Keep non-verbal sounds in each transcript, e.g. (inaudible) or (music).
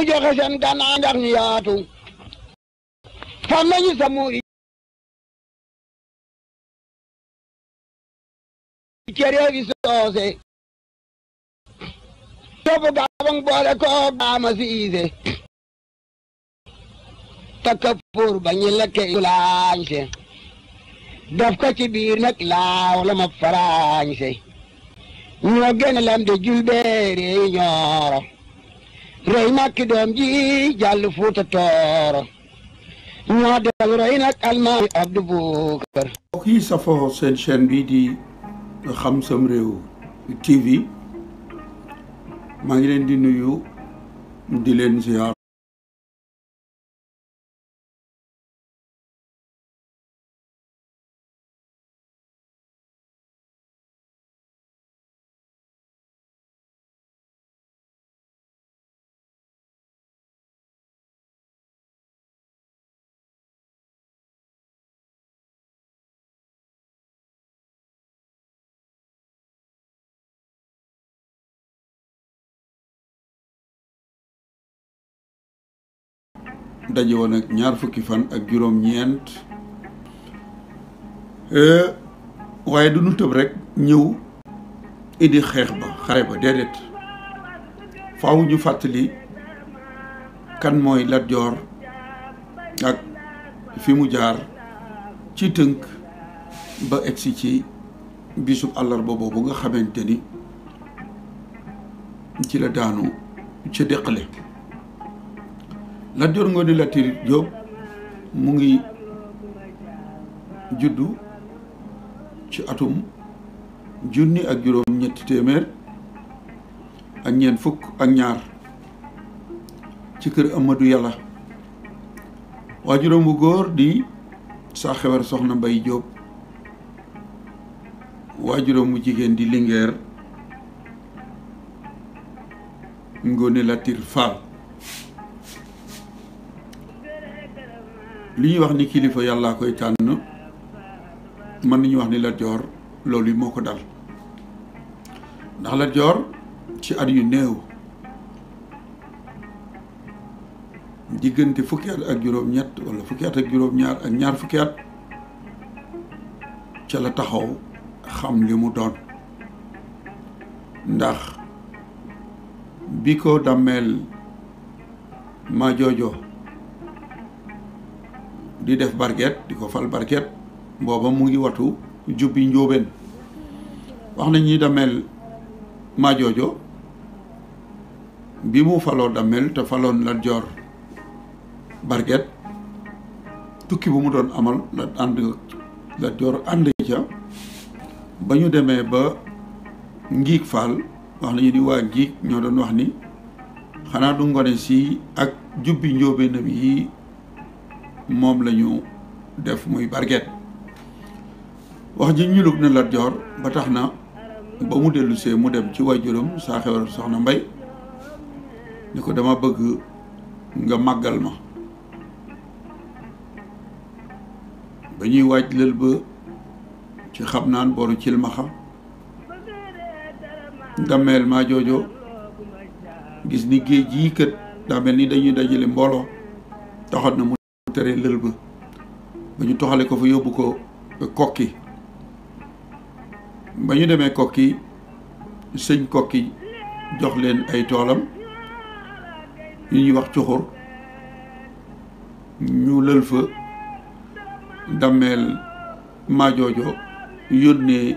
ñu joxe seen gànnaar ndax ñu yaatu fam nañu samuur yi ci réew yi soose topp gaabang boole koog baama siise takka ba ñu lekke laañse def ko ci biir nag laaw la ma faraañse ñoo gën lam de julbeere ñooro rey makki doom ji jàll Fuuta Tooro ñoo del rey nag almaami Abdu Bukar seen chaîne bi di xam sam réew TV maa ngi leen di nuyu di leen ziar daje woon ak ñaar fukki fan ak juróom-ñeent e, waaye du tëb rek ñëw indi xeex ba xare ba déedéet faaw ñu fàttali kan mooy Lat Joor ak fi mu jaar ci tënk ba egsi ci bisub àllarba boobu nga xamante ni ci la daanu ca déqale la jor di la tir job mu ngi juddu ci atum jooni ak fuk ñetti témèr ak ñeen fukk ak ñaar ci kër amadou yalla bu di sa xewar soxna bay job wajuram bu jigen di linger ngone la tir fall li ñuy wax ni kilifa yàllaa koy tànn mën nañu wax ni Lat Joor loolu yi moo ko dal ndax Lat Joor ci at yu néew diggante fukki at ak juróom-ñett walla fukki at ak juróom-ñaar ak ñaar fukki at ca la taxaw xam li mu doon ndax bi ko dàmmeel ma joojo di def barget di ko fal barget booba mu ngi watu jubbi njóobeen wax na ñi dameel majoojo bi mu faloo dameel te faloon Lat Joor barget tukki bu mu doon amal la ànd ca ba ñu demee ba ngiig faal wax nañu di waa ngiig ñoo doon wax ni xanaa du ngone si ak jubbi njóobeenam yi mom lañu def muy barget wax ji ñulug na la jor ba taxna ba mu delu see mu dem ci wajurum sa xewal soxna mbay niko dama bëgg nga magal ma ba ñuy waaj ba ci xam naan boru cilmaxa dammeel ma jojo gis ni geej yi kët da mel ni dañuy dajale mbolo taxat na tere lël ba ba ñu toxale ko fa yóbbu ko kokki ba ñu demee kokki sëñ kokki jox leen ay toolam yu ñuy wax cuxur ñu lël fa dammeel maajoojo yónnee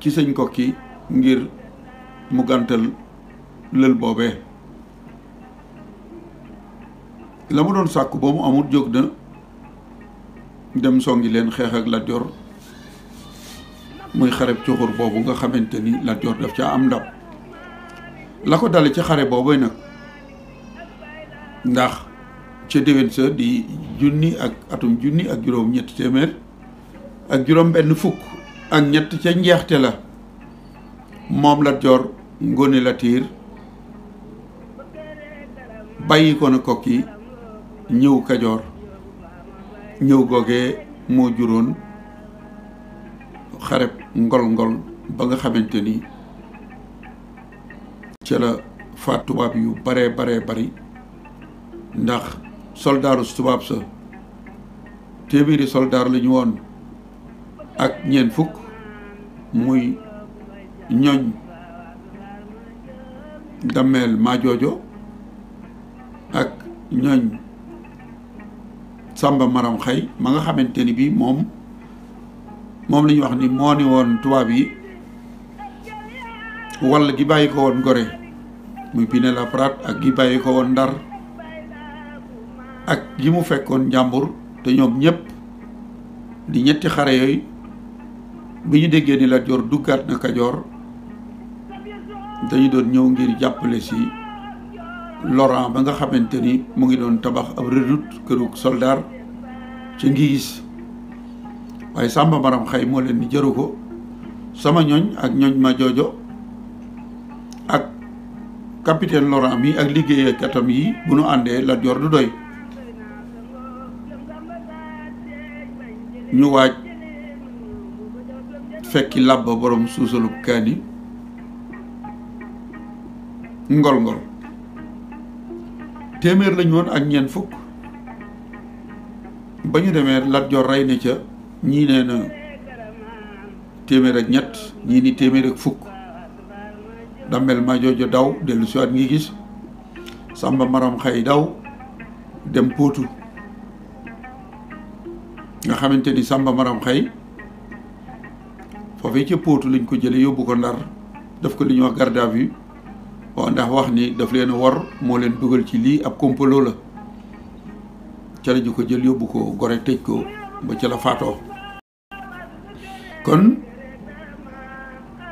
ci sëñ kokki ngir mu gàntal lël boobee la mu doon sàkku ba mu amul jog na dem songi len xex ak la dior muy ci bobu nga xamanteni la dior daf ci am ndab la ko dale ci xare bobu nak ndax ci déwén sa di junni ak atum junni ak juróom ñetti téeméer ak juróom benn fukk ak ñett ci njeexte la mom la dior ngone la tir bayiko na kokki ñëw kajoor ñëw googee moo juróon xareb ngol-ngol ba nga xamante ni ca la faat tubaab yu bare bare bari ndax soldaaru tubaab sa téeméeri soldaar la woon ak ñeent fukk muy ñoñ dammeel maajoojo ak ñoñ samba maram xey ma nga xamanteni mom mom mom lañ wax ni moo ni won tubaab wala gi bayiko won gore muy muy la prat ak gi bayiko won dar ak gi mu fekkon jambour te ñom ñep di ñetti xare yoy bi ñu déggee ni la jor dugat na jor dañu doon ñew ngir jàppale si Laurent ba nga xamanteni mo ngi doon tabax ab redoute keuruk soldar ci ngiis waaye Samba Maram xey mo len ni jëru sama ñooñ ak ñooñ ma jojo ak capitaine Laurent mi ak katam yi bu nu andé la jor du doy ñu waaj fekki labba borom ngol ngol téeméer lañu woon ak ñeent fukk ba ñu demee Lat Joor rey na ca ñii nee téeméer ak ñett ñii ni téeméer ak fukk dammel ma joojo daw dellu siwaat ngi gis Samba Maram Xay daw dem Póotu nga xamante ni Samba Maram Xay foofee ca Póotu lañ ko jële yóbbu ko Ndar daf ko li ñuy wax garde à vue waaw ndax wax ni daf leen war moo leen dugal ci lii ab kompaloo la ca la ñu ko jël yóbbu ko gore tëj ko ba ca la faatoo kon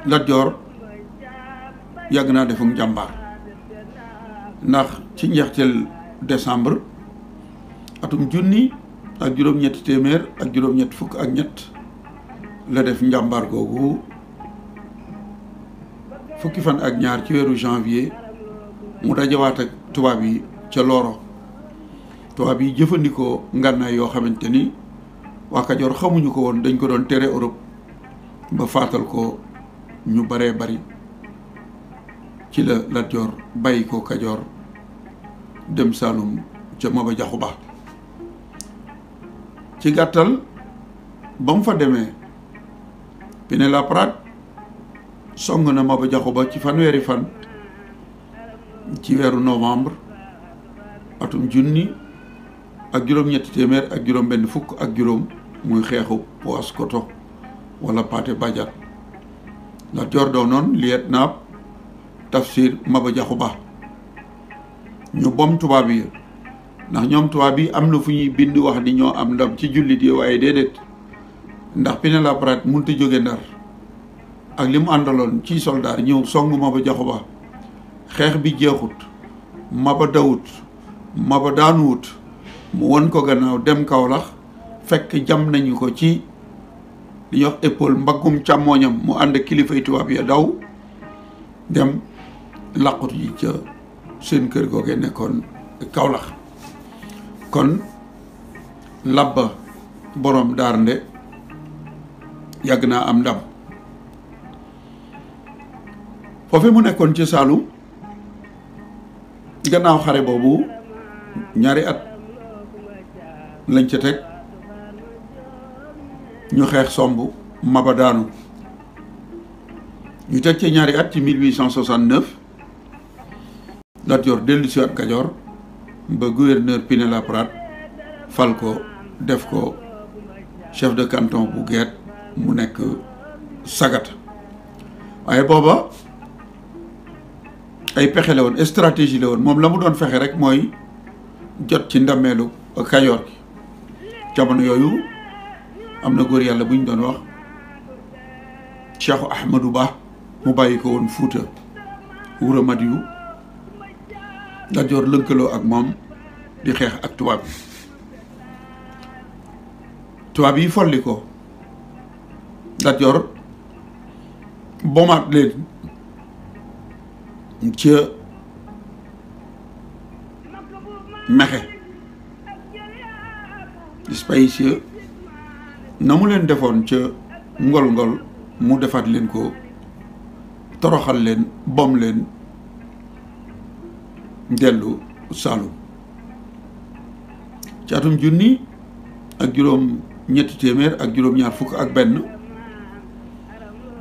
Lat Joor yàgg naa defuk njàmbaar ndax ci njeexteel décembre atum junni ak juróom-ñetti téeméer ak juróom-ñett fukk ak ñett la def njàmbaar googu fukki fan ak ñaar ci weeru janvier mu dajawaat ak tubaab yi ca Loro tubaab yi jëfandikoo ngànnaay yoo xamante ni waa Kajoor xamuñu ko woon dañ ko doon tere Europe ba faatal ko ñu baree bari ci la Lat bàyyi ko Kajoor dem Saalum ca Maba Jaxu Ba ci gàttal ba mu fa demee Pinet-Laprade song na Maba Jaxu Ba ci fanweeri fan ci weeru novembre atum junni ak juróom-ñetti téeméer ak juróom benn fukk ak juróom muy xeexu Paoskoto wala Paate Badiat Lat Joor doonoon liet naab tafsir Maba Jaxu Ba ñu bom tubaab yi ndax ñoom tubaab yi am na fu ñuy bind wax ni ñoo am ndam ci jullit yi waaye déedéet ndax Pinet-Laprade mënut a jóge Ndar ak li mu àndaloon ci soldaar ñëw song Maba Jaxu Ba xeex bi jeexut Maba dawut Maba daanuwut mu won ko gannaaw dem Kaolack fekk jam nañu ko ci li ñuy wax mbaggum càmmooñam mu ànd kilifay tubaab ya daw dem làqut yi ca seen kër googee nekkoon Kaolack kon labba boroom daarnde yàgg naa am ndam fi mu nekkoon ci Saalum gannaaw xare boobu ñaari at lañ ci teg ñu xeex somb maba daanu ñu teg ci ñaari at ci 1869 Lat Joor dellu si at Kajoor ba gouverneur pinet prat fal ko def ko chef de canton bu Guet mu nekk Sagata waaye booba ay pexe won stratégie la won mom lamu mu doon fexe rek moy jot ci ndamelu kayor gi jamono yooyu am na yàlla buñ ñu doon wax Cheikh Ahmadou Ba mu bayiko won fouta wura madiou da jor Joor ak mom di xex ak tuwab tuwab yi folliko da jor bomat boomaat leen ca mexe spaye ca na mu leen defoon ngol-ngol mu defaat leen ko toroxal leen bom leen dellu saalum ci atum junni ak juróom ñetti téeméer ak juróom ñaar fukk ak benn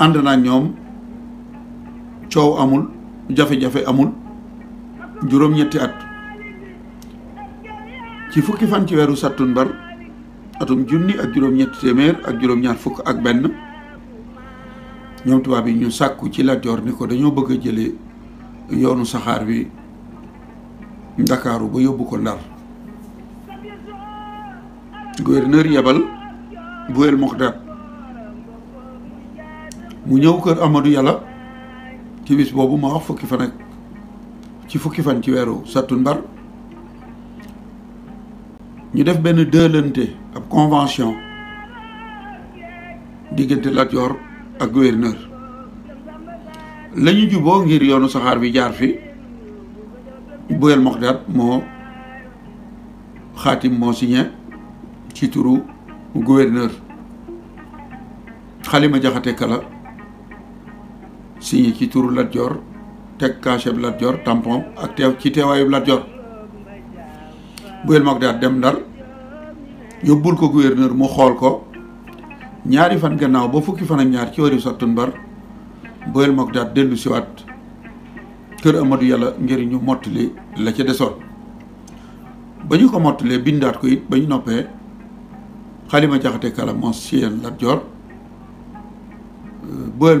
Anda na nyom coow amul jafe-jafe amul juróom-ñetti at ci fukki fan ci satun bar atum junni ak juróom-ñetti témèr ak juróom-ñaar fukk ak ben ñom tuba bi ñu sakku ci la jor ni ko dañu bëgg jëlé yoonu saxar bi ndakaaru ba yobbu ko ndar gouverneur yebal buel moxdat mu ñëw kër amadu Yàlla ci boobu ma wax fukki fan ak ci fukki fan ci weeru sattumbar ñu def benn dëlante ab convention diggante Lat ak gouverneur la ñu juboo ngir yoonu saxaar bi jaar fi Boyel Moxdar moo xaatim moo signé ci turu gouverneur xalima jaxate kala signé ci turu Lat Joor teg cachet bi Lat Joor tampon ak teew ci teewaayu Lat Joor Buel Magdad dem Ndar yóbbul ko gouverneur mu xool ko ñaari fan gannaaw ba fukki fan ak ñaar ci wari sattunbar Buel Magdad dellu siwaat kër Amadou Yàlla ngir ñu mottali la ca desoon ba ñu ko mottalee bindaat ko it ba ñu noppee xalima jaxate kala mos ci yeen Lat Joor Buel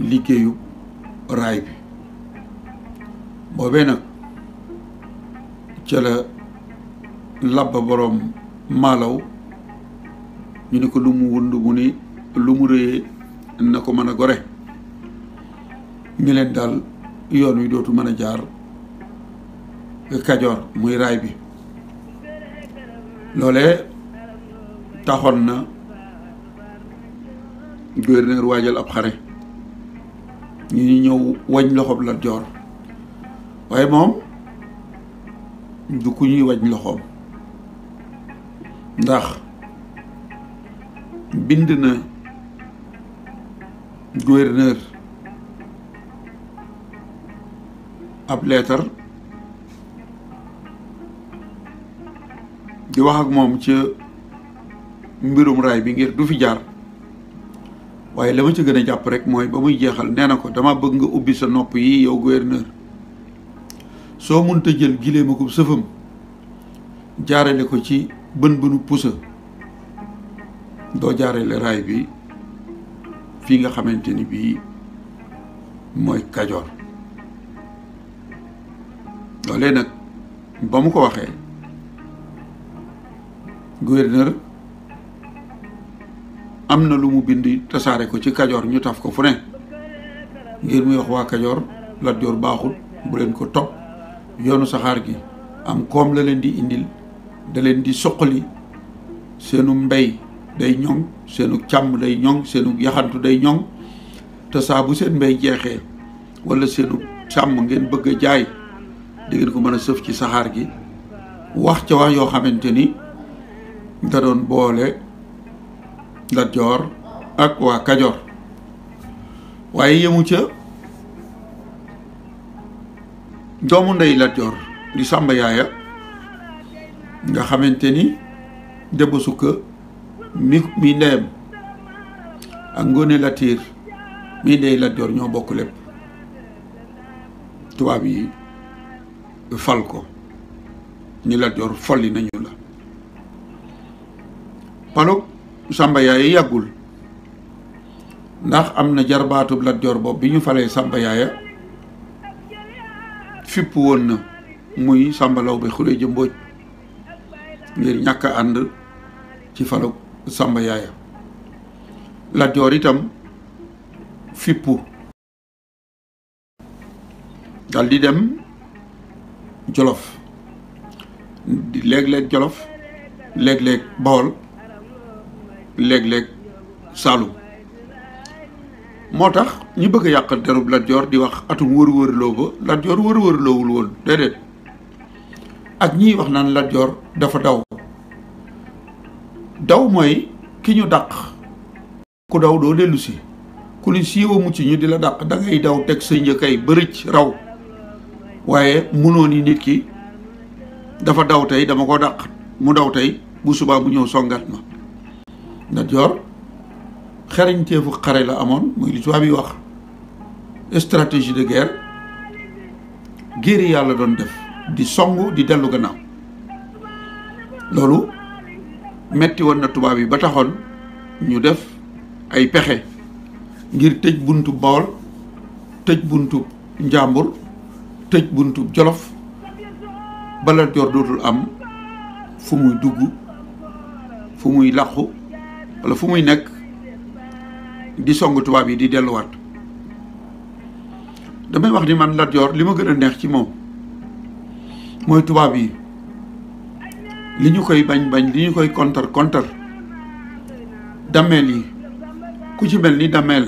liggéeyu raay bi boobee nag ca la labba boroom maalaw ñu ni ko lu mu wund mu ni lu mu réyee na ko mën a gore ñu leen daal yoon wi dootu mën a jaar kajoor muy raay bi loole taxoon na gouverneur waajal ab xare ñu ñëw wañ loxoom la Joor waaye moom du ku ñuy wañ loxoom ndax bind na gouverneur ab leetar di wax ak moom ca mbirum raay bi ngir du fi jaar waaye la ma ci gën a jàpp rek mooy ba muy jeexal nee na ko dama bëgg nga ubbi sa nopp yi yow gouverneur soo mënta jël gileem ak sëfam jaarale ko ci bën bënu pusa doo jaarale raay bi fii nga xamante ni bii mooy kajoor loole nag ba mu ko waxee gouverneur am na lu mu bind tasaare ko ci kajoor ñu taf ko fu ne ngir muy wax waa kajoor Lat Joor baaxul bu leen ko topp yoonu saxaar gi am koom la leen di indil da leen di suqali seenu mbéy day ñoŋ seenu càmm day ñoŋ seenu yaxantu day ñoŋ te saa bu seen mbéy jeexee walla seenu càmm ngeen bëgg a jaay di ngeen ko mën a sëf ci saxaar gi wax ca wax yoo xamante ni da doon boole Lat ak waa Kajoor waaye yemu ca doomu ndey Lat Joor di Sàmba Yaaya nga xamante ni Debba Sukka mi mi ndeyam ak Ngoone Latiir mi ndey Lat Joor ñoo bokk lépp tubaab yi fal ko ñu Lat Joor folli nañu la palog Samba Yaaya yàggul ndax am na jarbaatub Lat Joor boobu bi ñu falee Samba Yaaya fipp woon na muy Samba bi Xule ji Mbooj ngir ñàkk a ànd ci falu Samba Yaaya Lat itam fippu dal di dem Jolof léeg-léeg Jolof léeg-léeg Bawol léeg-léeg Saalum moo tax ñi bëgg a yàq derub Lat Joor di wax atum wër-wërloo ba Lat Joor wër-wërloowul woon ak ñiy wax naan Lat Joor dafa daw daw mooy ki ñu dàq ku daw doo dellu si ku ni siiwa mucc ñu di la dàq da ngay daw teg sa njëkkay bërëj raw waaye mënoo ni nit ki dafa daw tey dama ko dàq mu daw tey bu subaa bu ñëw songat ma Lat Joor xare la amoon muy li tubaab yi wax stratégie de guerre guerre yàlla doon def di songu di dellu gannaaw loolu metti woon na tubaab yi ba taxoon ñu def ay pexe ngir tëj buntu Bawol tëj buntu Njàmbur tëj buntu Jolof ba dootul am fu muy dugg fu muy làqu wala fu muy nekk di song tubaab yi di delluwaat damay wax ni man Lat Joor li ma gën a neex ci moom mooy tubaab yi li ñu koy bañ bañ li ñu koy kontar kontar dameel yi ku ci mel ni dameel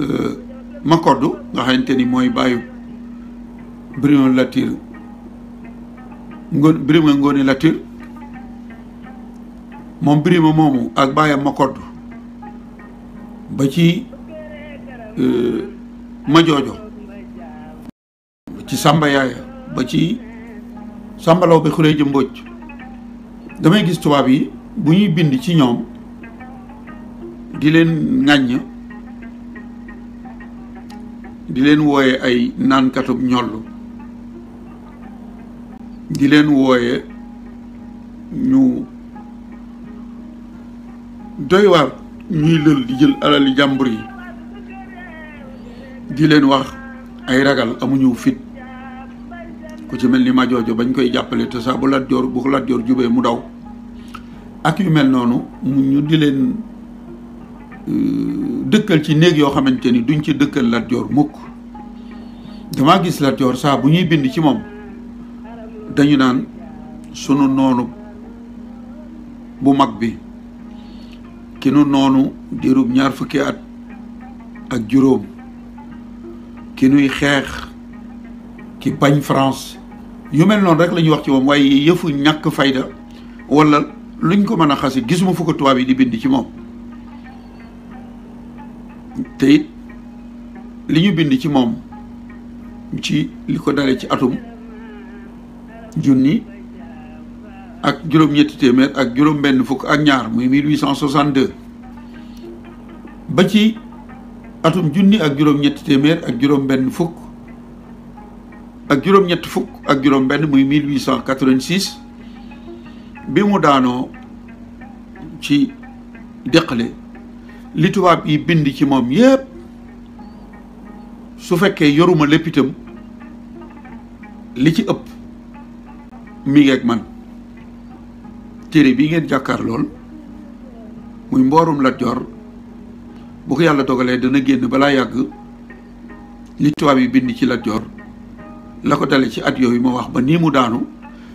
euh, Makoddu nga xamante ni mooy bàyyu Birima Latir ngo Birima Ngoone Latir moom Birima moomu ak bàyyam ma kodd ba ci euh, ma joojo ci sàmba yaaya ba ci sàmbalaw bi xuree ji mbóoj damay gis tubaab yi bu ñuy bind ci ñoom di leen ŋàññ di leen wooye ay naankatub ñollu di leen wooye ñu doy waar ñuy lël di jël alali jàmbur yi di leen wax ay ragal amuñu fit ku ci mel ni Majoojo bañ koy jàppale te saa bu Lat Joor bu Lat Joor jubee mu daw ak yu mel noonu ñu di leen euh, dëkkal ci néeg yoo xamante ni duñ ci dëkkal Lat Joor mukk damaa gis Lat saa bu ñuy bind ci moom dañu naan sunu noonu bu mag bi ki nu noonu diirub ñaar fukki at ak juróom ki nuy xeex ki bañ France yu mel noonu rek lañuy wax ci moom waaye yëfu ñàkk fayda wala luñ ko mën a xase gisuma fu ko tubaab yi di bind ci moom te it li ñu bind ci moom ci li ko dale ci atum junni ak juróom-ñetti téeméer ak juróom-benn fukk ak ñaar muy 1862 ba ci atum junni ak juróom-ñetti téeméer ak juróom-benn fukk ak juróom-ñetti fukk ak juróom-benn muy bi mu daanoo ci déqale li tubaab yi bind ci moom yépp su fekkee yoruma lépp li ci ëpp mi ngeeg man Tiri bi ngeen jàkkaar lool muy mboorum la jor bu ko yàlla dogalee dana génn balaa yàgg li tubaab yi bind ci la jor la ko dale ci at yooyu ma wax ba nii mu daanu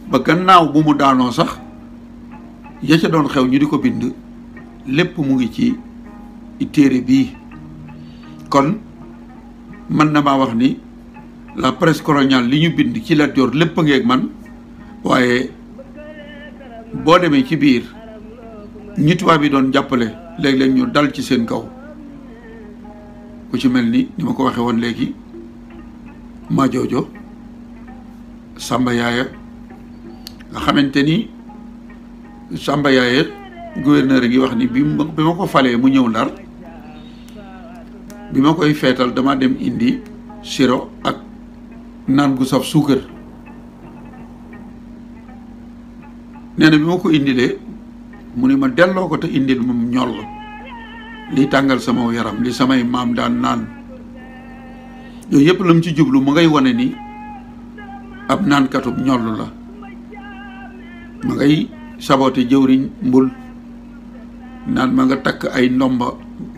ba gannaaw bu mu daanoo sax ya ca doon xew ñu di ko bind lépp mu ngi ci téere bii kon man na maa wax ni la presse coloniale li ñu bind ci la jor lépp ngeeg man waaye boo demee ci biir ñi tubaab yi doon jàppale léeg-léeg ñu dal ci seen kaw ku ci mel ni ni ma ko waxee woon léegi Majoojo Samba Yaaya nga xamante ni Samba Yaaya gouverneur ngi wax ni bi ma bi ma ko falee mu ñëw ndar bi ma koy feetal dama dem indi siro ak naan gu saf suukar nee bima bi ma ko mu ne ma delloo ko te indil mum ñoll li tàngal sama yaram li samay maam daan naan yooyu yëpp lam ci jublu ma ngay wane ni ab naankatub ñoll la ma ngay sabote jëwriñ mbul naan ma nga takk ay ndomba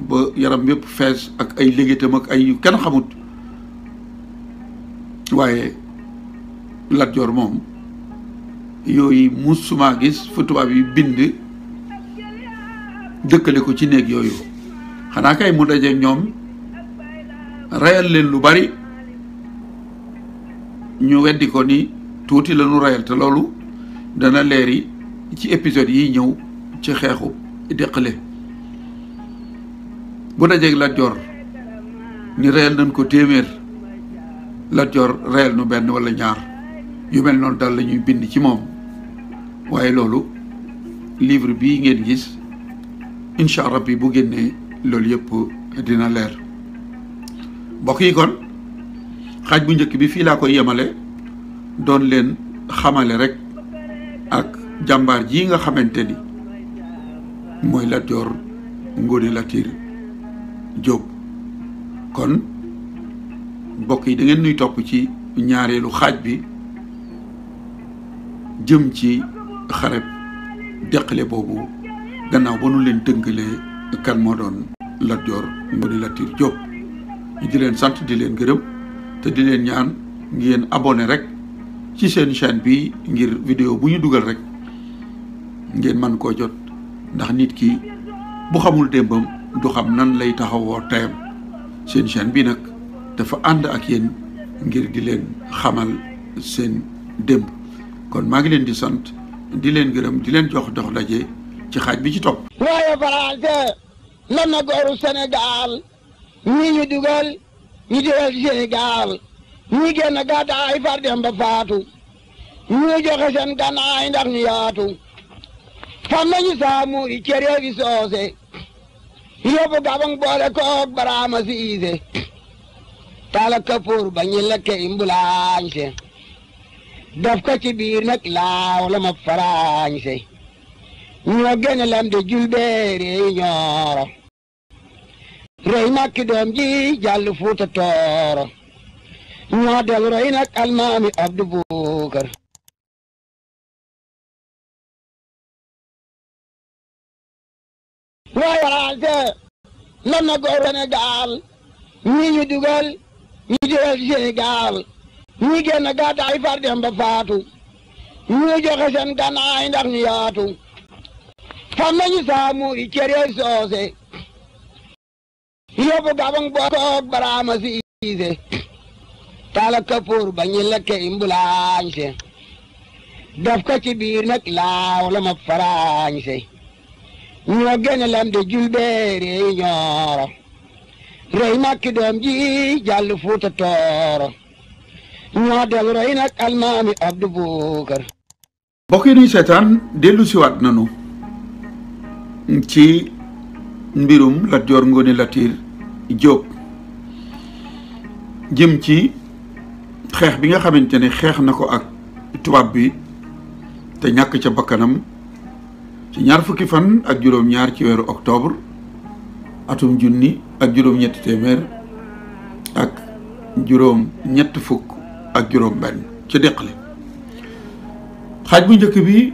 ba yaram yep fees ak ay légitam ak ay kenn xamut waaye Lat jor moom yooyu musuma gis fu tubaab yi bind dëkkale ko ci néeg yooyu xanaa kay mu dajeek ñoom rayal leen lu bari ñu weddi ko ni tuuti la ñu te loolu dana leeri ci épisode yi ñëw ci xeexu déqale bu dajeek Lat Joor ni rayal nañ ko téeméer Lat Joor nu benn walla ñaar yu mel noonu daal la ñuy bind ci moom waaye loolu livre bii ngeen gis incha rabbi bu génnee loolu yëpp dina leer mbokk yi kon xaaj bu njëkk bi fii laa koy yemale doon leen xamale rek ak jàmbaar ji nga xamante ni mooy Lat Joor Ngoone Latiir Jóob kon mbokk yi da ngeen nuy topp ci ñaareelu xaaj bi jëm ci xareb deqale boobu gannaaw ba nu leen tënkalee kan moo doon Lat Joor Ngoone Latiir Jóob ñu di leen sant di leen gërëm te di leen ñaan ngeen abone rek ci seen chaîne bi ngir vidéo bu ñu dugal rek ngeen man koo jot ndax nit ki bu xamul démbam du xam nan lay taxawoo tayam seen chaîne bi nag dafa ànd ak yéen ngir di leen xamal seen démb kon maa ngi leen di sant di leen gërëm di leen jox dox daje ci xaaj bi ci topp. waaye français nan na gooru Sénégal ñi ñu dugal ñu dugal Sénégal ñi génn gàtt ay far dem faatu ñu joxe seen gànnaay ndax ñu yaatu fan nañu saamu yi ci soose yóbbu gabang boole koog baraama siise tala kapoor ba ñu lekke imbulaañse daf ko ci biir nag laaw la ma farañse ñoo gën lam de julbeere ñooro rey nag doom ji jàll fuuta tooro ñoo del roy nag almaami abdu buukar waaye waraante lan na góor Sénégal ñi dugal ñu dugal Sénégal ñi génn gàddaay far dem faatu ñu joxe seen gànnaay ndax ñu yaatu fam nañu saamuuri cere soose yóbbu gabang bokkoog baraama siise tala kapoor ba ñi lekke imbulaañse daf ko ci biir nag la ma faraañse ñoo gene lam de julbeere ñooro rey makki doom ji jàll fuuta tooro ñoo del roy nag almaami Abdu nuy seetaan dellu siwaat nanu ci mbirum Lat Joor Latiir Jóob jëm ci xeex bi nga xamante ni xeex na ko ak tubaab bi te ñàkk ca bakkanam ci ñaar fukki fan ak juróom-ñaar ci weeru octobre atum junni ak juróom-ñetti téeméer ak juróom ñett fukk ak juróom-benn ci deqali xaaj bu njëkk bi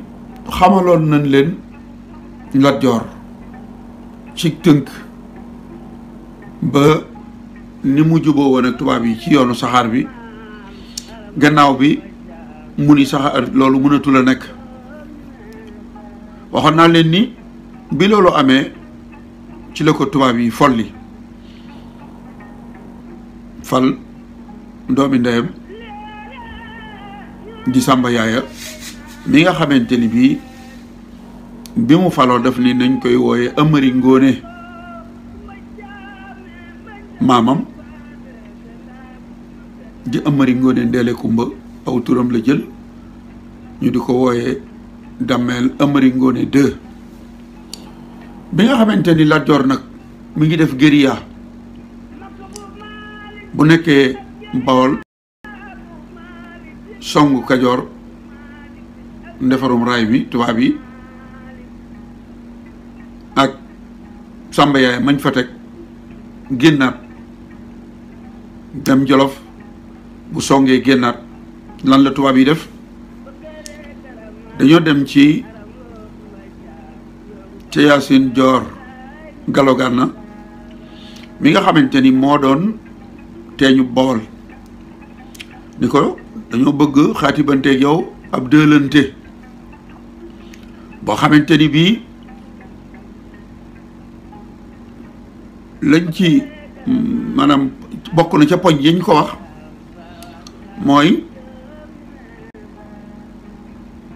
xamaloon nañ leen Lat ci tënk ba ni mu juboo woon tubaab yi ci yoonu saxaar bi gannaaw bi mu ni saxaar loolu mënatu nekk waxoon naa leen ni bi loolu amee ci la ko tubaab yi folli fal doomi ndeyam di samba yaaya mi nga xamante ni bii bi mu faloo daf ni nañ koy wooye amari ngóone maamam di amari ngóone ndeele kumba aw turam la jël ñu di ko wooye dameel amari ngóone deux bi nga xamante ni la jor nag mi ngi def bu nekkee bawol songu kajoor ndefarum raay bi tuwaab yi ak sàmba yaay mañ fa teg génnaat dem jolof bu songee génnaat lan la tuwaab yi def dañoo dem ci ca yaasin joor galo gànna mi nga xamante ni moo doon teeñu bawol ni ko dañoo bëgg xaatibanteeg yow ab dëlante boo xamante ni bii lañ ci maanaam bokk na ca poñ yañ ko wax mooy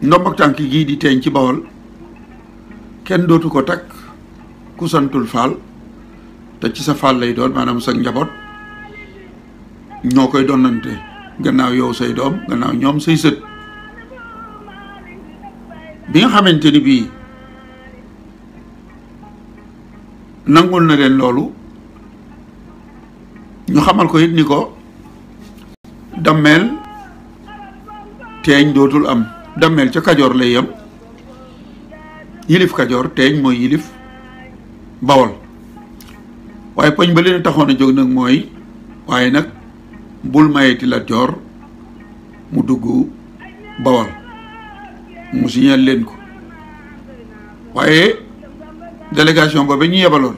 ndombak tànk gii di teeñ ci bawol kenn dootu ko takk ku santul faal te ci sa faal lay doon maanaam sa njaboot ñoo koy donnante gần nào yow say gần nào ñoom say sët bi nga xamante ni bii nangul na leen loolu ñu xamal ko it ni ko dammeel teeñ dootul am dammeel ca kajoor lay yem yilif kajoor teeñ mooy yilif bawol waaye poñ ba leen taxoon a jóg nag mooy waaye nag bul mayeti Lat mu dugg Bawol mu signal leen ko waaye délégation boobu ñu yebaloon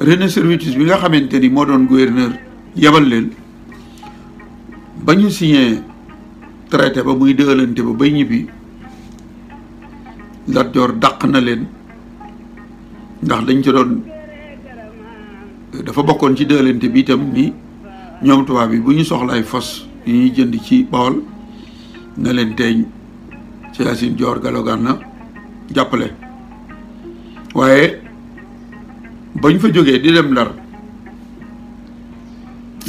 René Servitus bi nga xamante ni moo doon gouverneur yebal leen ba ñu signé traité ba muy dëalante ba bay ñibbi Lat daq na leen ndax dañ ci doon dafa bokkoon ci dëalante bi itam ni ñoom tubaab yi bu ñu soxlaay fas yu ñuy jënd ci Bawol na leen teeñ ci Yaasin Joor Galogaan jàppale waaye bañ fa jógee di dem Ndar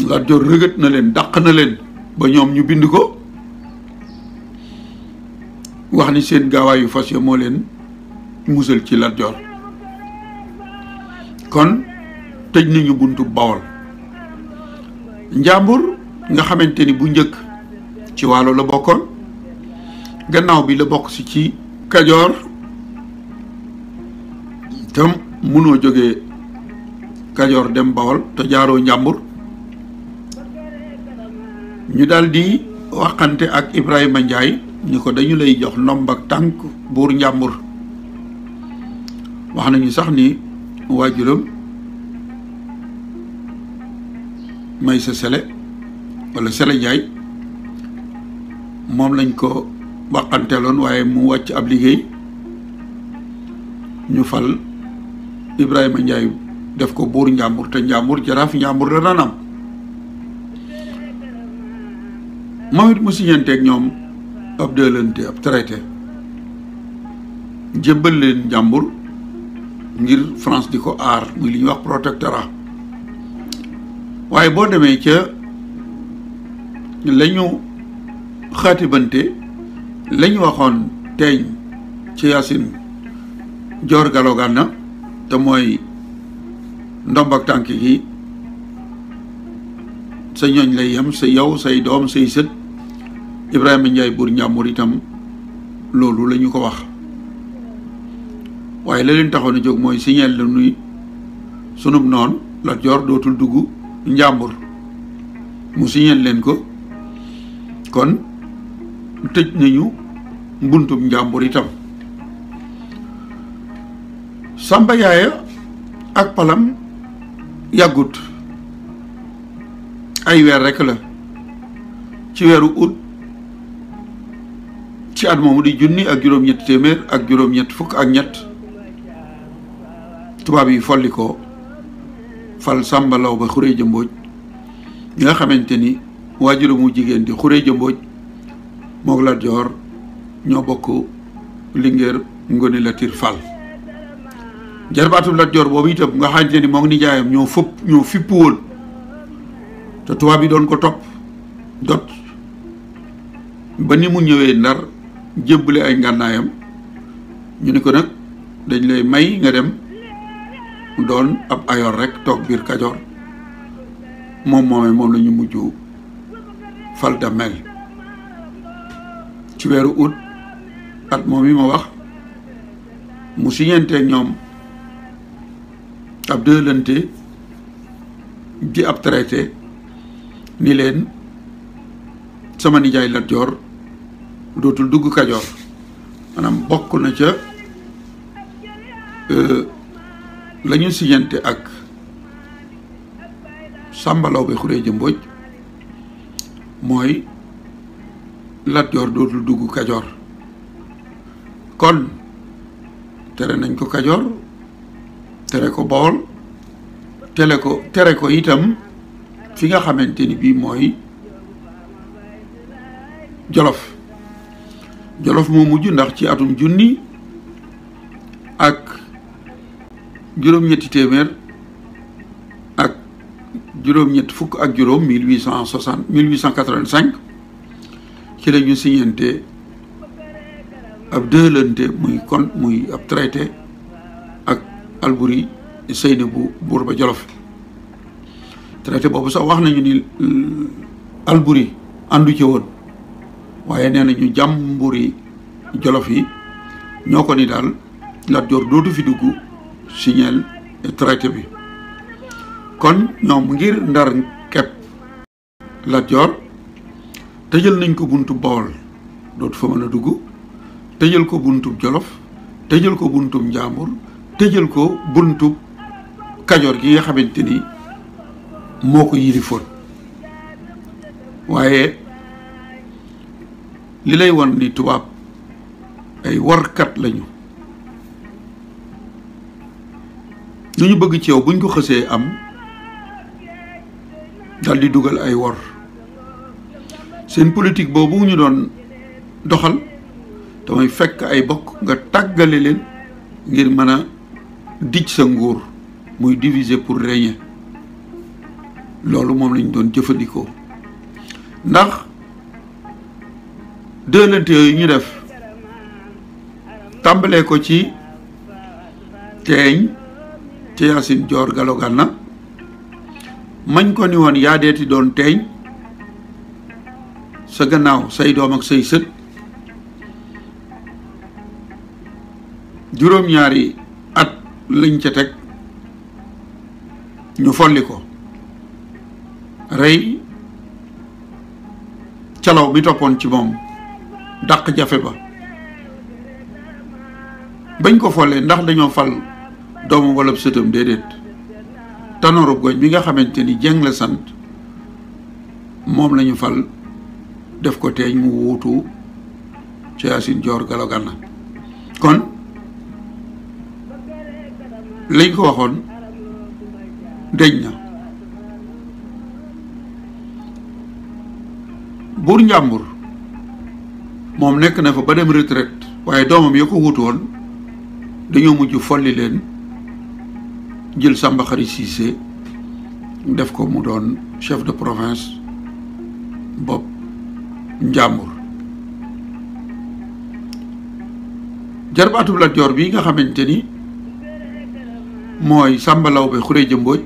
Lat rëgët na leen daq na leen ba ñoom ñu bind ko wax ni seen gaawaayu fos ya moo leen musal ci Lat Joor kon tëj nañu buntu Bawol njambur nga xamanteni bu ñëk ci walu la bokkon gannaaw bi la bok ci ci kajor tam mëno joggé kajor dem bawol to jaaro njambur ñu daldi waxante ak ibrahima ndjay ñiko dañu lay jox nomb ak tank bur njambur waxnañu sax ni wajurum Maysa Sele walla Sele Ndiaye moom lañ ko waqanteeloon waaye mu wàcc ab liggéey ñu fal Ibrahima njaay def ko buur Njàmbur te Njàmbur jaraaf Njàmbur la daan moom it mu siñanteeg ñoom ab dëlante ab traité jébbal leen Njàmbur ngir France di ko aar muy li wax protectorat waaye boo demee ca la ñu xaatibante la waxoon teeñ ci Yaasin Joor Galo Gànna te mooy ndomb ak tànk gi sa ñooñ lay yem sa yow say doom say sët Ibrahima Njaay buur njàmbur itam loolu lañu ko wax waaye la leen taxoon a jóg mooy signal la nuy sunub noon la joor dootul dugg njàmbur mu siñeel leen ko kon tëj nañu mbuntum njàmbur itam Samba Yaaya ak palam yàggut ay weer rekk la ci weeru ut ci at moomu di junni ak juróom-ñett téeméer ak juróom-ñett fukk ak ñett tubaab yi folli fal Sàmba Law ba Xureeja Mbooj ñi nga xamante ni waajuramu mu jigéen di Xureeja Mbooj mook Lat Joor ñoo bokk Linguère Ngoni Latir Fall jarbaatu Lat Joor boobu itam nga xamante ni moog nijaayam ñoo fëpp ñoo fippu te tubaab bi doon ko topp dot ba ni mu ñëwee ndar jébbale ay ngànnaayam ñu ni ko nag dañ lay may nga dem doon ab ayoor rek toog biir kajoor moom moomee moom lañu ñu mujj fal Damel ci weeru août at moom yi ma wax mu siñenteeg ñoom ab dëlante ji ab traité ni leen sama nijaay Lat Joor dootul dugg Kajoor maanaam bokk na ca euh, lañu siyante ak sambalaw bi xuree moy mooy lat jor dootul dugg kajoor kon tere nañ ko kajoor tere ko bool tele ko tere ko itam fi nga xamanteni bi moy jolof jolof mo muju ndax ci atum junni ak jurom ñetti témèr ak jurom ñett fukk ak jurom 1860 1885 ci lañu ñu ab dëlante muy kon muy ab traité ak Alburi Seyne bu buur Jolof traité bobu sax wax nañu ni euh, Alburi andu ci won waye nee nañu jamburi Jolof yi ñoko ni dal la Joor dootu fi duggu signal traité bi kon ñom ngir ndar la jor Joor tëjal nañ ko buntu bol dot fa mëna duggu dugg ko buntu Jolof tëjal ko buntu Njaambur tëjal ko buntu Kajoor gi nga xamanteni moko yiri ko waye li lay won ni tuwab ay warkat lañu lu bëgg ci yow buñ ko xësee am daldi dugal ay wor seen politique boobu ñu doon doxal damay fekk ay bokk nga tàggale leen ngir mën a dij sa nguur muy diviser pour régner loolu moom lañ doon jëfandikoo ndax dëlante yooyu ñu def tàmbalee ko ci teeñ ci Yacine Dior Gallo mañ ko ni woon yaa deeti doon teeñ sa gannaaw say doom ak say sët juróom-ñaari at lañ ca teg ñu folli ko rey calaw bi toppoon ci moom dàq jafe ba bañ ko follee ndax dañoo fal doomam wala sëtam déedéet tanooru goñ bi nga xamante ni jeng la sant moom lañu fal def ko teeñ mu wuutu ci Yacine joor Gallo Ganna kon lañ ko waxoon deñ na buur njàmbur moom nekk na fa ba dem retraite waaye doomam ya ko wuutu woon dañoo mujj folli leen jël Samba Khari Cissé def ko mu doon chef de province bob Njàmbur jarbaatub la Joor bi nga xamanteni moy samba Samba Lawbe Khourédia Mbodj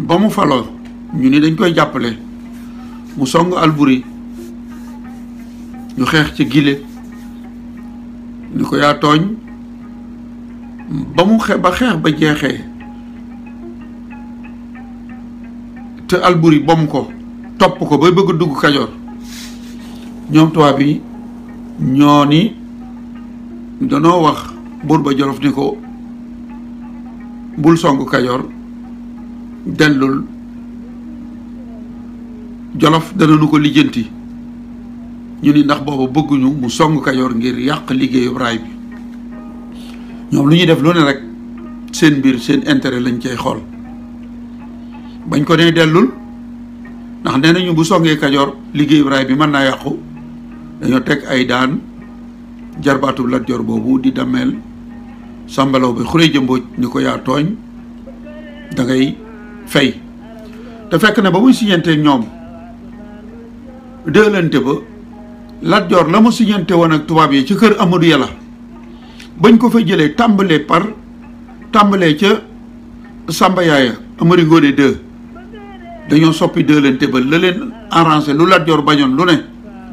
ba mu falo, ñu ni dañ koy jappalé mu song Alburi ñu xex ci Gile ni ko ya togn ba mu xe ba xeex ba jeexee te Alburi bom ko topp ko ba bëgg dugg Kajoor ñoom tubaab bi ñoo ni danoo wax buur ba Jolof ni ko bul song Kajoor dellul Jolof danañu ko lijjanti ñu ni ndax booba bëgguñu mu song Kajoor ngir yàq liggéeyu raay bi ñoom lu ñuy def lu ne rek seen mbir seen intérêt lañ cay xool bañ ko nee dellul ndax nee nañu bu songee kajoor liggéey raay bi mën naa yàqu dañoo teg ay daan jarbaatu Lat Joor boobu di dammeel sàmbalaw bi xuree jëmbooj ni ko yaa tooñ da ngay fay te fekk na ba muy siñante ñoom dëlante ba Lat Joor la mu siñante woon ak tubaab yi ci kër Amadou Yàlla bañ ko fa jëlee tàmbalee par tàmbalee ca Samba Yaaya Amari Ngoone 2 dañoo soppi deux ba tëbal la leen arrangé lu Lat Joor bañoon lu ne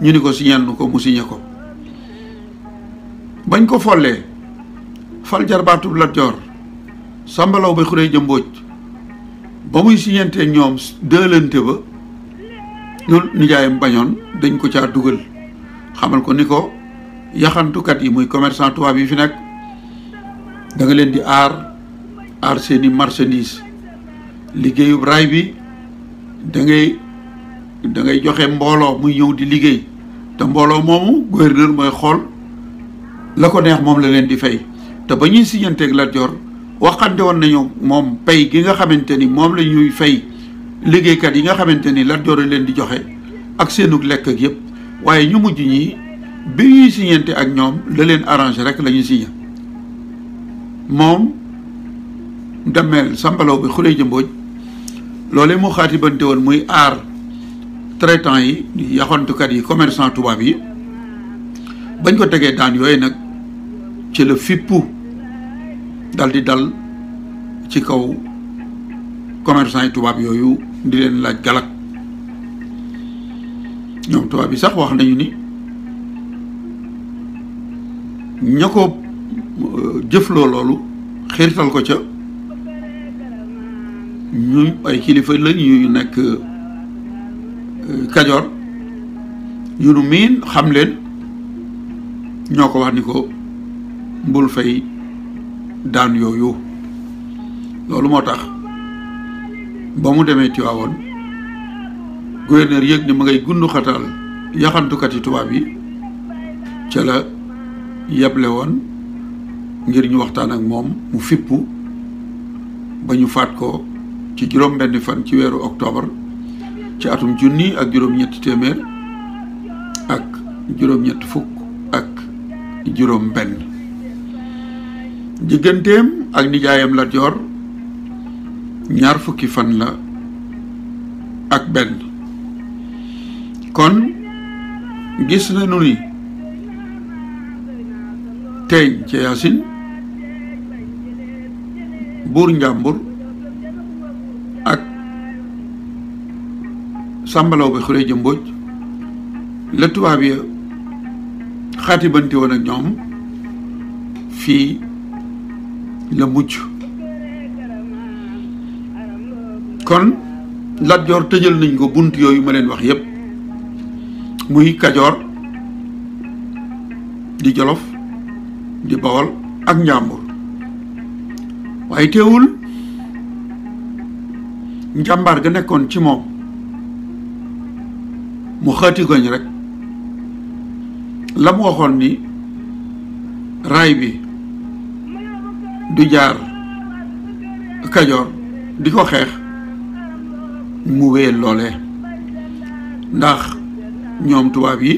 ñu ni ko signal nu ko mu signé ko bañ ko follee fal jarbaatub Lat Joor Samba Law ba xuree ba muy signante ñoom deux ba tëba loolu nijaayam bañoon dañ ko caa dugal xamal ko ni ko yaxantukat yi muy commerçant tubaab yi fi nekk da nga leen di ar aar seeni marchandise liggéeyub raay bi da ngay da ngay joxe mbooloo muy ñëw di liggéey te mbooloo moomu gouverneur mooy xool la ko neex moom la leen di fay te ba ñuy siñanteeg la jor waxante woon nañu moom pay gi nga xamante ni moom la ñuy fay liggéeykat yi nga xamante ni la jor leen di joxe ak seenug lekk ak yëpp waaye ñu mujj ñi bi ñuy signante ak ñoom la leen arrangé rek la ñuy moom Dameel Sambalaw bi Xuree Jëmbooj loolee mu xaatibante woon muy aar traitant yi yaxantukat yi commerçant tubaab yi bañ ko tegee daan yooyu nag ci la fippu dal di dal ci kaw commerçant yi tubaab yooyu di leen laaj galak ñoom tubaab yi sax wax nañu ni ña ko euh, jëfloo loolu xiirtal ko ca ñu ay kilifa lañ yu nekk euh, Kajoor yu nu miin xam leen ñoo ko wax ni ko mbul fay daan yooyu loolu moo tax ba mu demee Tiwaawoon gouverneur yëg ni ma ngay gundu xataal tubaab yi ca la yeble won ngir ñu waxtaan ak mom mu fippu ba ñu faat ko ci juroom benn fan ci wéru octobre ci atum junni ak juroom ñett témèr ak juroom ñett fukk ak juroom benn digganteem ak nijaayam la jor ñaar fukki fan la ak benn kon gis nañu ni tey ci Yaasin buur njàmbur ak sàmbalaw ba xuree jëmbooj la tubaab ya xaati woon ak ñoom fii la mujj kon Lat Joor tëjal nañ ko bunt yooyu ma leen wax yépp muy Kajoor di Jolof di bawol ak njàmbur waaye teewul njàmbaar ga nekkoon ci moom mu xaati goñ rek la waxoon ni raay bi du jaar kajoor di ko xeex mu wéyal loole ndax ñoom tubaab yi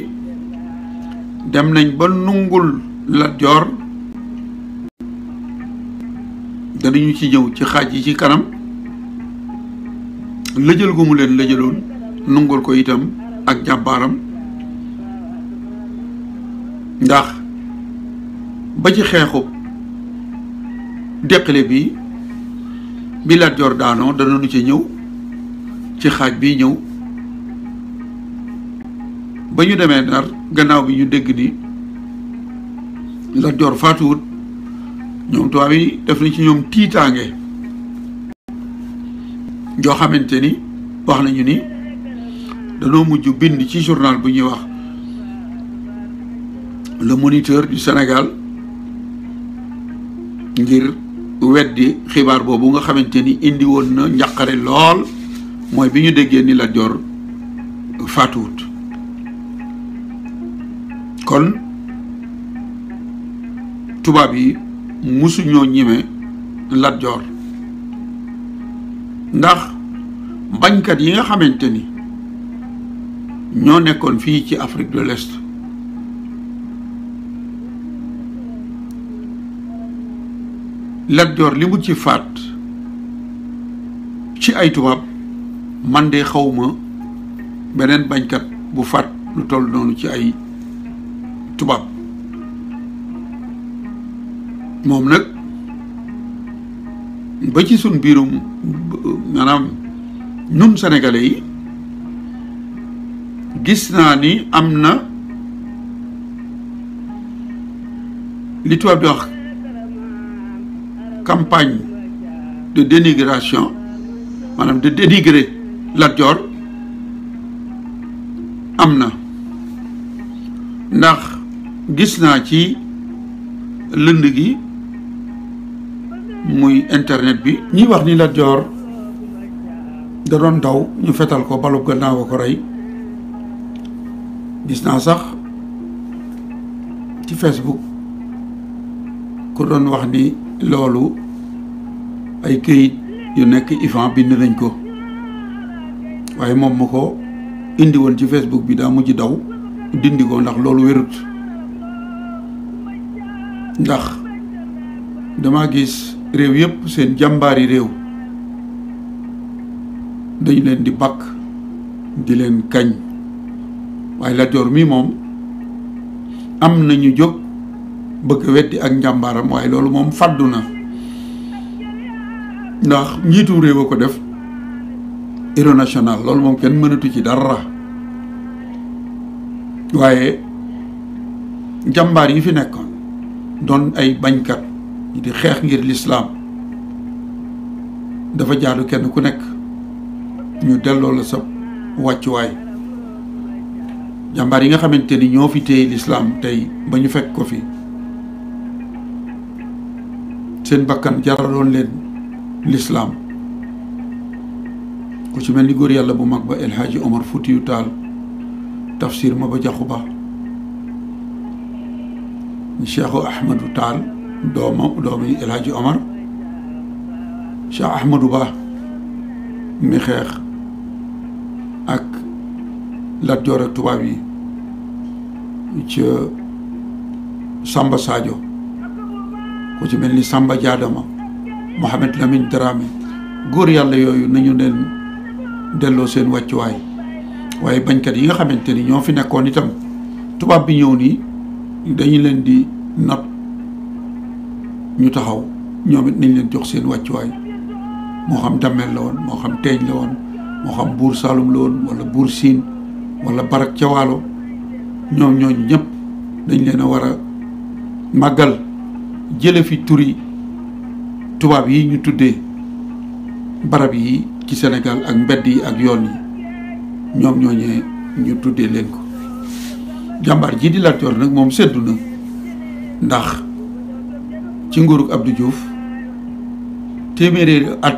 dem nañ ba nungul Lat danañu ci ñëw ci xaaj yi ci kanam lëjal gu mu leen lëjaloon nungul ko itam ak jàmbaaram ndax ba ci xeexub deqale bi bi Lat Joor daanoo danañu ci ñëw ci xaaj bi ñëw ba ñu demee Ndar gannaaw bi ñu dégg ni Lat faatuwut ñoom tubaab yi def nañ ci ñoom tiitaange joo xamante ni wax nañu ni danoo mujj bind ci journal bu ñuy wax le moniteur du Sénégal ngir weddi xibaar boobu nga xamante ni indi woon na njaqare lool mooy bi ñu déggee ni la jor faatuwut kon tubaab yi musuñoo ñime Lat Joor ndax bañkat yi nga xamante ni ñoo nekkoon fii ci Afrique de l'Est Lat Joor ci faat ci ay tubaab man de xawma beneen bañkat bu faat lu toll noonu ci ay tubaab mom nak ba ci sun biirum manam ñun sénégalais yi gis naa ni am na li tubaab di wax campagne de dénigration maanaam de dénigrer la Joor am na ndax gis naa ci lënd muy internet bi ñuy wax ni Lat Joor da doon daw ñu fetal ko balub gannaaw a ko rey gis naa sax ci Facebook ku doon wax ni loolu ay këyit yu nekk Ifan bind nañ ko waaye moom ma ko indi woon ci Facebook bi daa mujj daw dindi ko ndax loolu wérut ndax dama gis réew yëpp seen yi réew dañu leen di bakk di leen kañ waaye Lat mii moom am nañu jóg bëgg weddi ak njàmbaaram waaye loolu moom fàddu na ndax njiitu réew a ko def héros national loolu moom kenn mënatu ci dara waaye jàmbaar yi fi nekkoon doon ay bañkat ñi di xeex ngir l'islam dafa jaadu kenn ku nekk ñu delloo la sa wàccuwaay jàmbaar yi nga xamante ni ñoo fi téye l'islam tey ba ñu fekk ko fi seen bakkan jaraloon leen l'islam ku ci mel ni góor yàlla bu mag ba El haji Omar yu Tall tafsir ma ba jaxu ba Cheikhu Ahmadou Tall doomam doomi El Hadji Omar Cheikh Ahmadou Ba mi xeex ak Lat ak tubaab yi ca Samba Sadio ku ci mel ni Samba Diadama Mohamed Lamine Dramé góor yàlla yooyu nañu leen delloo seen wàccuwaay waaye bañkat yi nga xamante ni ñoo fi nekkoon itam tubaab bi ñëw nii dañu leen di not ñu taxaw ñoom it nañ leen jox seen wàccuwaay moo xam dammel la woon moo xam teeñ la woon moo xam buur Saalum la woon wala buur Siin walla barak ca waalo ñoom ñooñ ñëpp dañ leen a war a màggal jële fi turi tubaab yi ñu tuddee barab yi ci Sénégal ak mbedd yi ak yoon yi ñoom ñooñee ñu tuddee leen ko jàmbaar jii di Lat nag moom seddu na ndax ci nguurug abdu Diouf téeméeri at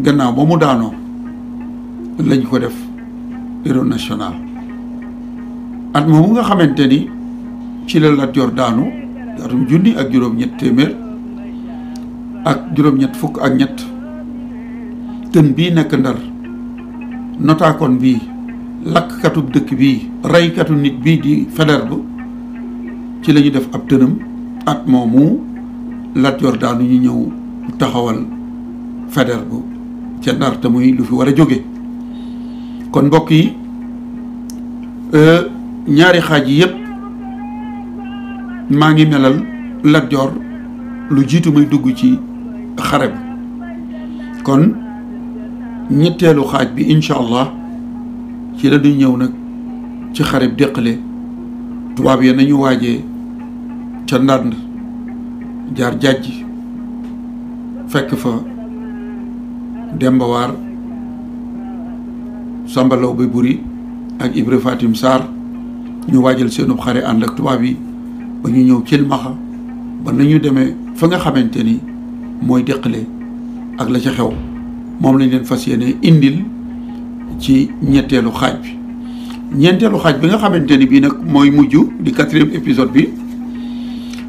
gannaaw ba mu daanoo lañ ko def héros national at moomu nga xamante ni ci la Lat Joor daanu atum junni ak juróom-ñett téeméer ak juróom-ñett fukk ak ñett tën bii nekk ndar bi bii lakkatub dëkk bii reykatu nit bii di feder bu ci la def ab tënam at moomu Lat Joor daanu ñu ñëw taxawal feder bu ca Ndar te muy lu fi war a jóge kon mbokk yi e, ñaari xaaj yi yëpp maa ngi melal Lat lu jiitu may dugg ci xare bi kon ñetteelu xaaj bi incha allah ci la ñuy ñëw nag ci xare bi déqale tubaab yi nañu waajee ca Ndar jaar jàjj fekk fa Demba Waar ba Lawbe Buri ak Ibra Fatim Sarr ñu waajal seenub xare ànd ak tubaab yi ba ñu ñëw cil maxa ba nañu demee fa nga xamante ni mooy déqale ak la ca xew moom lañ leen fas yéene indil ci ñetteelu xaaj bi ñeenteelu xaaj bi nga xamante ni bii nag mooy mujj di quatrième épisode bi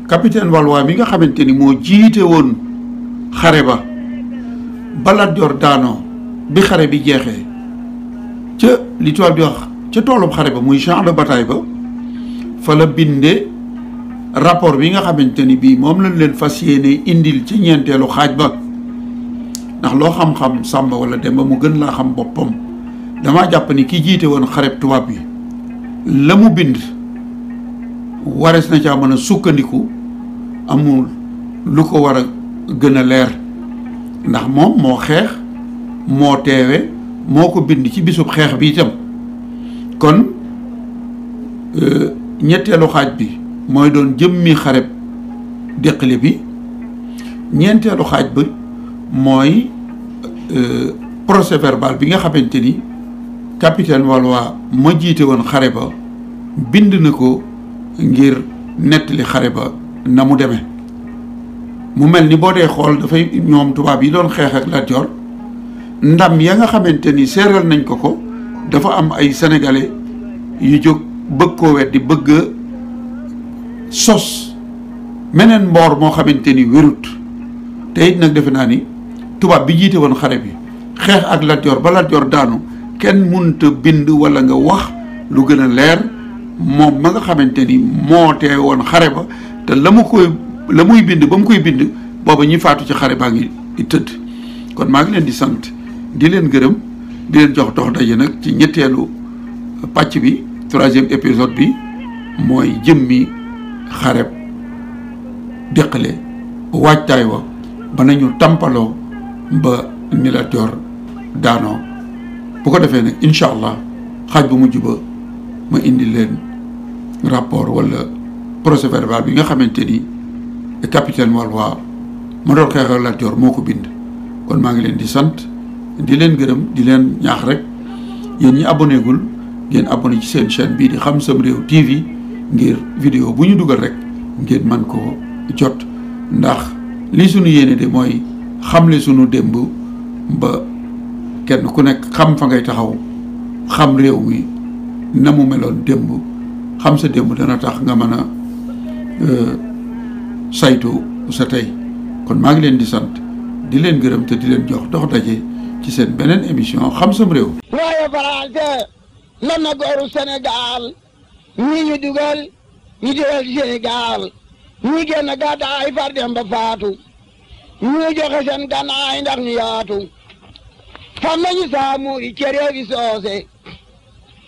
capitaine Valois mi nga xamanteni ni moo jiite woon xare ba balad jor bi xare bi jeexee ca li tubaab di wax ca toolub xare ba muy champ de bataille ba fa la binde rapport bi nga xamanteni bi moom lañ leen fas indil ci ñeenteelu xaaj ba ndax loo xam-xam samba wala demba mu gën laa xam boppam dama jàpp ni ki jiite woon xareb tubaab bi la mu bind wares na caa mën a sukkandiku amul lu ko war a gën a leer ndax moom moo xeex moo teewe moo ko bind ci bisub xeex bi itam kon euh, ñetteelu xaaj bi mooy doon jëmmi xareb déqale bi ñeenteelu xaaj bi mooy euh, procès verbal bi nga xamante ni capitaine Walwa ma jiite woon xare ba bind na ko ngir nettali xare ba na mu deme mu mel ni boo dee xool dafay ñoom tubaab yi doon xeex ak Lat ndam ya nga xamante ni séeral nañ ko ko dafa am ay sénégalais yu jóg bëgg koo wet weddi bëgg sos meneen mboor moo xamante ni wérut te it nag defe naa ni tubaab bi jiite woon xare bi xeex ak Lat Joor ba Lat Joor daanu kenn munta bind walla nga wax lu gën a leer moom ma nga xamante ni moo tee woon xare ba te la mu koy la muy bind ba mu koy bind booba ñi faatu ci xare baa ngi tëdd kon maa ngi leen di sant di leen gërëm di leen jox dox daje nag ci ñetteelu pàcc bi troisième épisode bi mooy jëmmi xare déqale waajtaay wa ba nañu tàmpaloo ba ni la joor daanoo bu ko defee nag incha allah xaaj bu mujj ba ma indi leen rapport wala procès verbal bi nga xamante ni capitaine Walwa ma doon xeexal Lat moo ko bind kon maa ngi leen di sant di leen gërëm di leen ñaax rek yéen ñi abonné gul ngeen abonné ci seen chaîne bii di Xam Sam Réew TV ngir vidéo bu ñu dugal rek ngeen man ko jot ndax li sunu yéene de mooy xamle sunu démb ba kenn ku nekk xam fa ngay taxaw xam réew mi na mu meloon démb xam sa démb dana tax nga mën a Euh, saytu sa tey kon maa ngi leen di sant di leen gërëm te di leen jox dox daje ci seen beneen émission xam sam réew waaye français lan na gooru Sénégal ñi ñu dugal ñu dugal ci Sénégal ñi génn gàddaay far dem faatu ñu joxe seen gànnaay ndax ñu yaatu fan nañu saamuur yi soose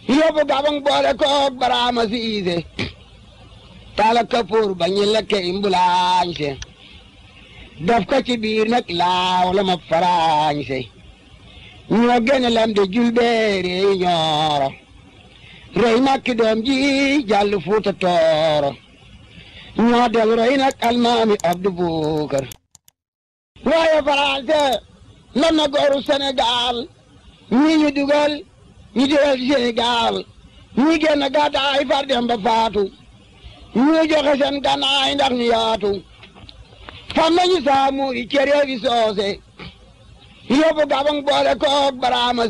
yóbbu gabang boole koog baraama siise taala kapoor ba ñu lekke imbulaañse daf ko biir nag laaw la ma faraañse ñoo gene lam de julbeere yi ñooro rey makki doom ji jàll fuuta tooro ñoo del roy nag almaami abdu buukar waaye faraanse lan na gooru sénégal ñi ñu dugal ñu dugal sénégal ñi génn gàddaay far dem faatu ñu joxe seen gànnaay ndax ñu yaatu fan nañu saamu i cere fi soose yóbbu gabang boole koog baraama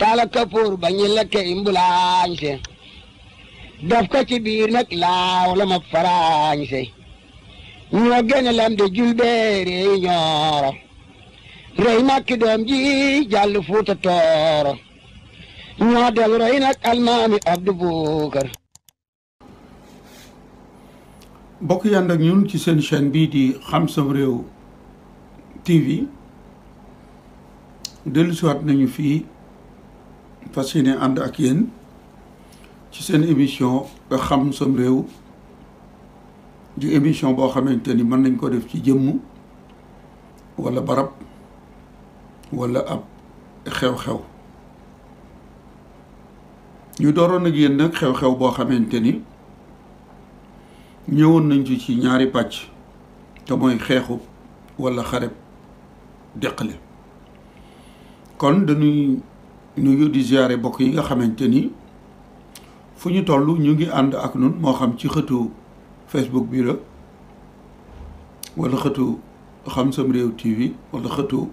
tala kapoor ba ñu lekke imbulaañse def ko ci biir nag ma faraañse ñoo gene lam de julbeere yi ñooro rey makki doom ji jàll fuuta tooro ñoo del rey nag almaami abdu buukar mbokk yi ànd ak ñun ci seen chaîne bii di xam sam réew TV dellusiwaat nañu fii fas yéene ànd ak yéen ci seen émission xam sam réew di émission boo xamante ni mën nañ ko def ci jëmm walla barab walla ab xew-xew ñu dooroon ak yéen nag xew-xew boo xamante ni ñëwoon nañ ci ci ñaari pàcc te mooy xeexu walla xareb deqale kon dañuy nuyu di ziare bokk yi nga xamante ni fu ñu toll ñu ngi ànd ak nun moo xam ci xëtu Facebook bi la walla xëtu Xam Sam Réew TV walla xëtu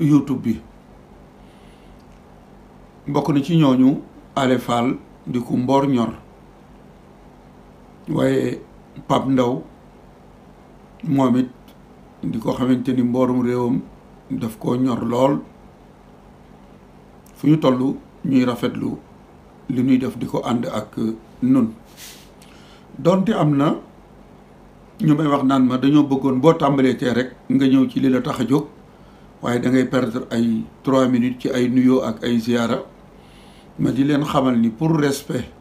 YouTube bi bokk na ci ñooñu Ale Fall di ku mboor ñor waye pap Ndaw momit diko di ko xamante daf ko ñor lol fu ñu tollu ñuy rafetlu li ñuy def di and ak nun donte amna ñu may wax naan ma dañoo bëggoon boo tàmbalee tee rek nga ñëw ci li la tax a jóg waaye da ngay perdre ay trois minutes ci ay nuyoo ak ay ziara ma di leen xamal ni pour respect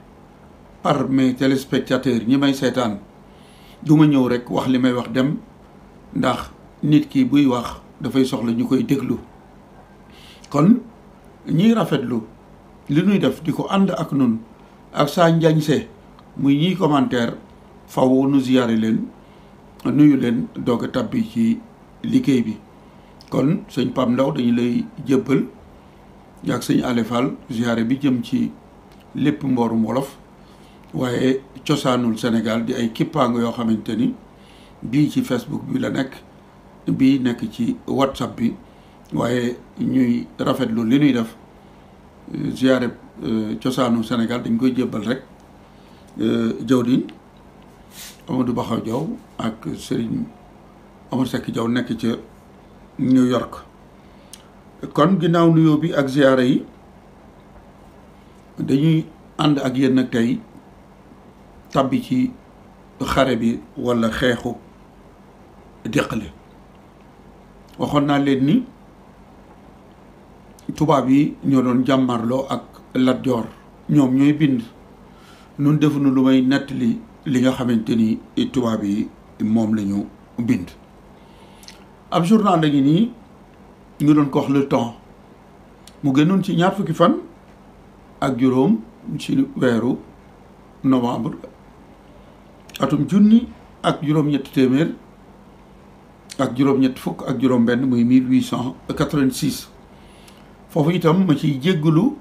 par mes téléspectateurs ñi may seetaan du ma ñëw rekk wax li may wax dem ndax nit ki buy wax dafay soxla ñu koy déglu kon ñiy rafetlu li ñuy def di ko ànd ak nun ak saa njañse muy ñiy commentaire faw nu ziyaare leen nuyu leen doog a tàbbi ci liggéey bi kon sëñ Pam Ndaw dañu lay jébbal ak sëñ Ale Fall ziyaare bi jëm ci lépp mboorum wolof waaye cosaanul Sénégal di ay kippaango yoo xamante ni bii ci Facebook bi la nekk bii nekk ci WhatsApp bi waaye ñuy rafetlu li ñuy def ziyaare euh, cosaanu Sénégal dañ koy jébbal rek euh, Jawdin Amadou Baxaw Diaw ak Serigne Omar Seck Diaw nekk ca New York kon ginnaaw nuyoo bi ak ziyaare yi dañuy ànd ak yenn nag tey tabbi ci xare bi walla xeexu déqale waxoon naa leen ni tubaab yi ñoo doon jàmmarloo ak Lat ñoom ñooy bind nun defuñu lu may nettali li nga xamante ni tubaab yi moom lañu bind ab journal la ngi nii ñu doon ko wax le temps mu gënoon ci ñaar fukki fan ak juróom ci weeru novembre atum junni ak juróom-ñetti téeméer ak juróom-ñetti fukk ak juróom-benn muy 1886 foofu itam ma ci jéggalu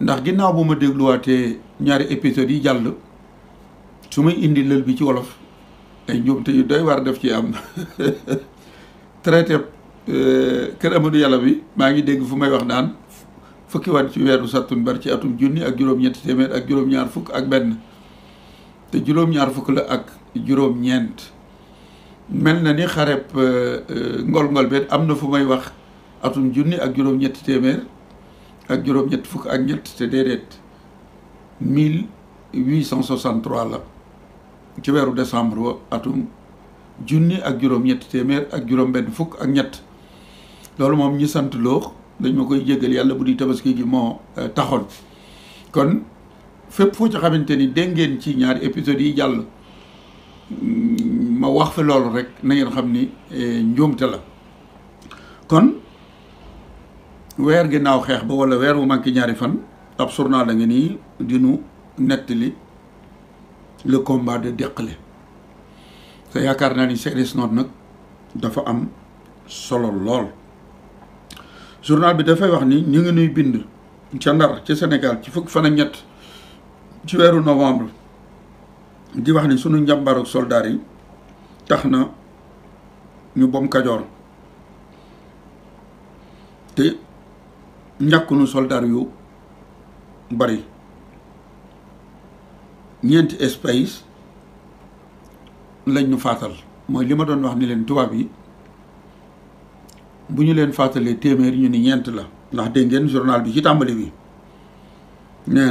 ndax ginnaaw bu ma dégluwaatee ñaari épisodes yi jàll su may indi lël bi ci wolof ay njuumte yu day war def ci am (laughs) traité euh, kër Amadou Yàlla bi maa ngi dégg fu may wax naan fukki wan ci weeru sattumbar ci atum junni ak juróom-ñetti ak juróom-ñaar fukk ak benn te juróom-ñaar fukk la ak juróom-ñeent mel na ni xareb euh, euh, ngol-ngol beet am na fu may wax atum junni ak juróom-ñetti téeméer ak juróom-ñett fukk ak ñett te déedéet la ci weeru décembre wa atum junni ak juróom-ñetti téeméer ak juróom-benn fukk ak ñett loolu moom ñi sant loo dañ ma koy jégal yàlla bu tabaski gi moo euh, taxoon kon fépp foo ca xamante ni dégg ngeen ci ñaari épisodes yi jàll ma wax fi loolu rek na ngeen xam ni eh, njuumte la kon weer ginnaaw xeex ba walla weer bu manqué ñaari fan ab journal la nga nii dinu nettali le combat de Dékheulé te yaakaar naa ni series noon nag dafa am solo lool journal bi dafay wax ni ñu ngi nuy bind ca Ndar ci Sénégal ci fukk fan ak ñett ci weeru novembre di wax ni sunu njàmbaru soldaar yi tax na ñu bom kajoor te ñàkkunu soldaar yu bari ñeenti espace lañ ñu faatal mooy li ma doon wax ni leen tubaab yi bu ñu leen faatalee téeméer ñu ni ñeent la ndax dégg ngeen journal bi ci tàmbali bi nee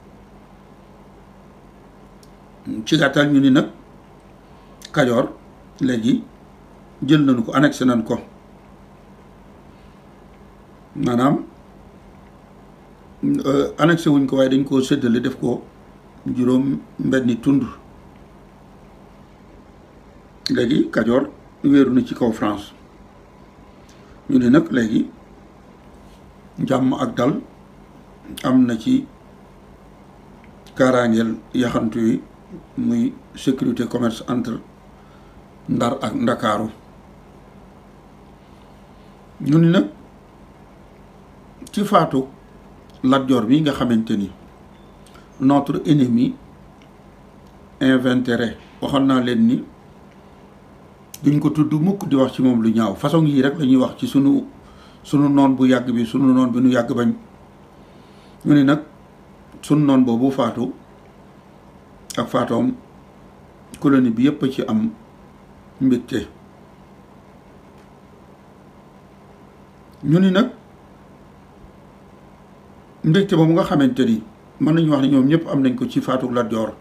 ci gàttal ñu ni nag kajoor léegi jël nañu ko annexé nañ ko maanaam euh, annexé wuñ ko waaye dañ koo séddale def ko juróom mbenni tund léegi kajoor wéeru na ci kaw France ñu ne nag léegi jàmm ak dal am na ci kaaraangeel yaxantu yi muy sécurité commerce entre Ndar ak Ndakaaru ñu ni nag ci faatu Lat Joor bi nga xamante ni notre ennemi inventerait waxoon naa leen ni duñ ko tudd mukk di wax ci moom lu ñaaw façon yii rek lañuy wax ci sunu sunu noon bu yàgg bi sunu noon bi nu yàgg bañ ñu ni nag sunu noon boobu faatu ak faatoom colonie bi yëpp a ci am mbégte ñu ni nag mbégte mu nga xamante ni mën nañu wax ne ñoom ñëpp am nañ ko ci faatu la Joor